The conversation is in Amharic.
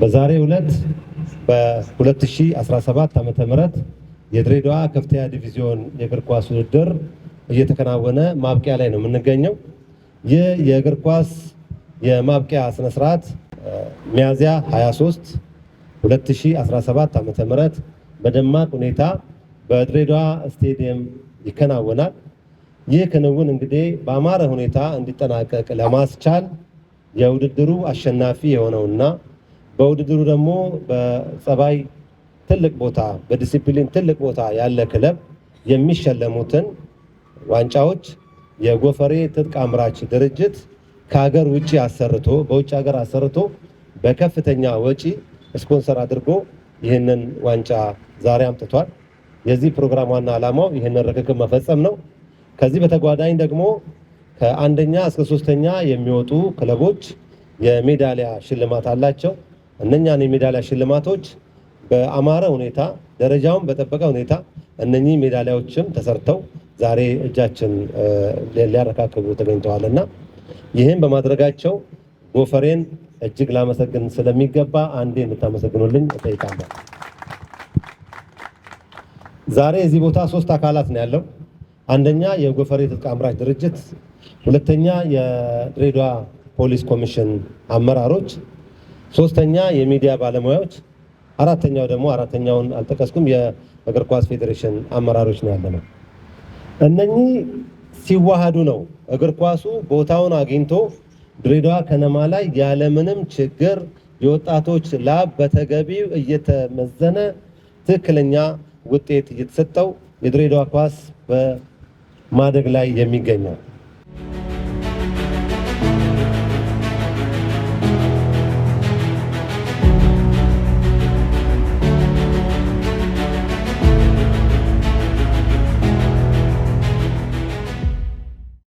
በዛሬ ዕለት በ2017 ዓ ም የድሬዳዋ ከፍተኛ ዲቪዚዮን የእግር ኳስ ውድድር እየተከናወነ ማብቂያ ላይ ነው የምንገኘው። ይህ የእግር ኳስ የማብቂያ ስነስርዓት ሚያዝያ 23 2017 ዓ ም በደማቅ ሁኔታ በድሬዳዋ ስቴዲየም ይከናወናል። ይህ ክንውን እንግዲህ በአማረ ሁኔታ እንዲጠናቀቅ ለማስቻል የውድድሩ አሸናፊ የሆነውና በውድድሩ ደግሞ በጸባይ ትልቅ ቦታ በዲሲፕሊን ትልቅ ቦታ ያለ ክለብ የሚሸለሙትን ዋንጫዎች የጎፈሬ ትጥቅ አምራች ድርጅት ከሀገር ውጭ አሰርቶ በውጭ ሀገር አሰርቶ በከፍተኛ ወጪ ስፖንሰር አድርጎ ይህንን ዋንጫ ዛሬ አምጥቷል። የዚህ ፕሮግራም ዋና ዓላማው ይህንን ርክክብ መፈጸም ነው። ከዚህ በተጓዳኝ ደግሞ ከአንደኛ እስከ ሶስተኛ የሚወጡ ክለቦች የሜዳሊያ ሽልማት አላቸው። እነኛን የሜዳሊያ ሽልማቶች በአማረ ሁኔታ ደረጃውን በጠበቀ ሁኔታ እነኚህ ሜዳሊያዎችም ተሰርተው ዛሬ እጃችን ሊያረካክቡ ተገኝተዋል እና ይህም በማድረጋቸው ጎፈሬን እጅግ ላመሰግን ስለሚገባ አንዴ እንድታመሰግኑልኝ እጠይቃለሁ። ዛሬ እዚህ ቦታ ሶስት አካላት ነው ያለው። አንደኛ የጎፈሬ ትጥቅ አምራች ድርጅት፣ ሁለተኛ የድሬዳዋ ፖሊስ ኮሚሽን አመራሮች ሶስተኛ የሚዲያ ባለሙያዎች፣ አራተኛው ደግሞ አራተኛውን አልጠቀስኩም የእግር ኳስ ፌዴሬሽን አመራሮች ነው ያለነው። እነኚህ ሲዋሃዱ ነው እግር ኳሱ ቦታውን አግኝቶ ድሬዳዋ ከነማ ላይ ያለምንም ችግር የወጣቶች ላብ በተገቢው እየተመዘነ ትክክለኛ ውጤት እየተሰጠው የድሬዳዋ ኳስ በማደግ ላይ የሚገኘው።